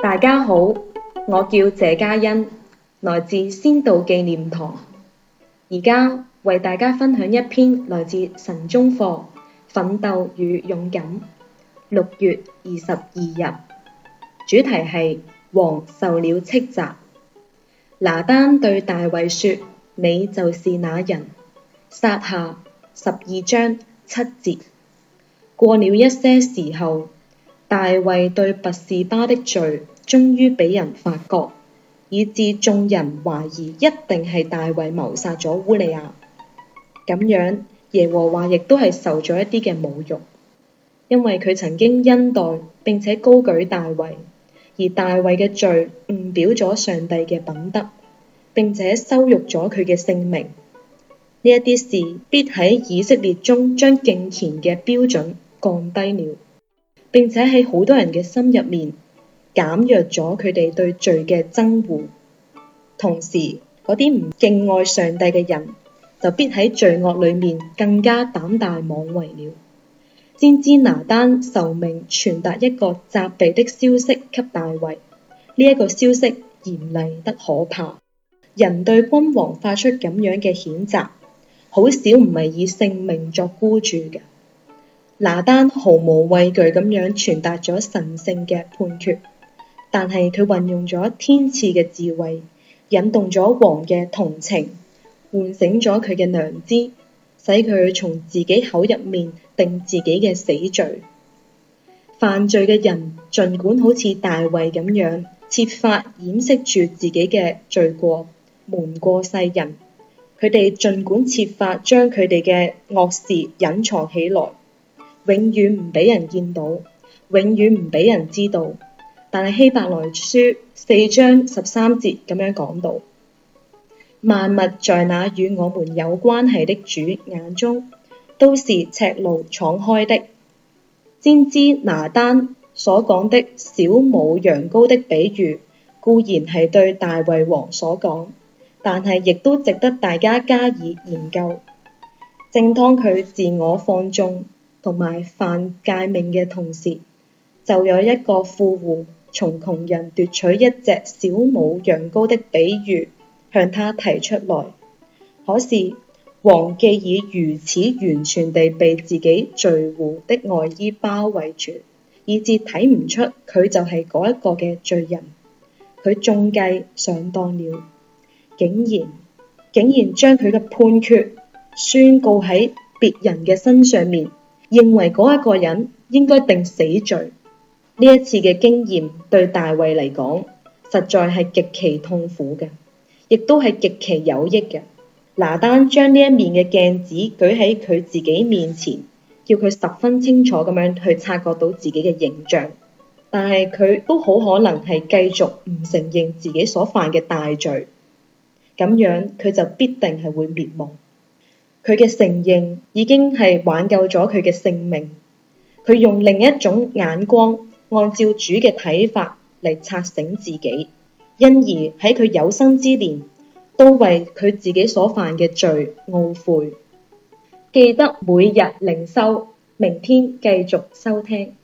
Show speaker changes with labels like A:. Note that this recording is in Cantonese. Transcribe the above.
A: 大家好，我叫謝嘉欣，來自先道紀念堂。而家為大家分享一篇來自神中課《奮鬥與勇敢》，六月二十二日，主題係王受了斥責。拿單對大衛說：你就是那人。撒下十二章七節。過了一些時候，大衛對拔士巴的罪終於被人發覺，以致眾人懷疑一定係大衛謀殺咗烏利亞。咁樣，耶和華亦都係受咗一啲嘅侮辱，因為佢曾經恩待並且高舉大衛。而大衛嘅罪誤表咗上帝嘅品德，並且羞辱咗佢嘅聖名。呢一啲事必喺以色列中將敬虔嘅標準降低了，並且喺好多人嘅心入面減弱咗佢哋對罪嘅憎惡。同時，嗰啲唔敬愛上帝嘅人就必喺罪惡裏面更加膽大妄為了。先知拿單受命傳達一個責備的消息給大衛，呢一個消息嚴厲得可怕。人對君王發出咁樣嘅譴責，好少唔係以性命作孤注嘅。拿單毫無畏懼咁樣傳達咗神聖嘅判決，但係佢運用咗天賜嘅智慧，引動咗王嘅同情，喚醒咗佢嘅良知。使佢從自己口入面定自己嘅死罪。犯罪嘅人，儘管好似大衛咁樣，設法掩飾住自己嘅罪過，瞞過世人。佢哋儘管設法將佢哋嘅惡事隱藏起來，永遠唔俾人見到，永遠唔俾人知道。但係希伯來書四章十三節咁樣講到。萬物在那與我們有關係的主眼中，都是赤露敞開的。先知拿單所講的小母羊羔的比喻，固然係對大衛王所講，但係亦都值得大家加以研究。正當佢自我放縱同埋犯誡命嘅同時，就有一個富戶從窮人奪取一隻小母羊羔的比喻。向他提出來，可是王既已如此完全地被自己罪戶的外衣包圍住，以致睇唔出佢就係嗰一個嘅罪人，佢中計上當了，竟然竟然將佢嘅判決宣告喺別人嘅身上面，認為嗰一個人應該定死罪。呢一次嘅經驗對大衛嚟講，實在係極其痛苦嘅。亦都係極其有益嘅。拿單將呢一面嘅鏡子舉喺佢自己面前，叫佢十分清楚咁樣去察覺到自己嘅形象。但係佢都好可能係繼續唔承認自己所犯嘅大罪，咁樣佢就必定係會滅亡。佢嘅承認已經係挽救咗佢嘅性命。佢用另一種眼光，按照主嘅睇法嚟擦醒自己。因而喺佢有生之年，都為佢自己所犯嘅罪懊悔。記得每日靈修，明天繼續收聽。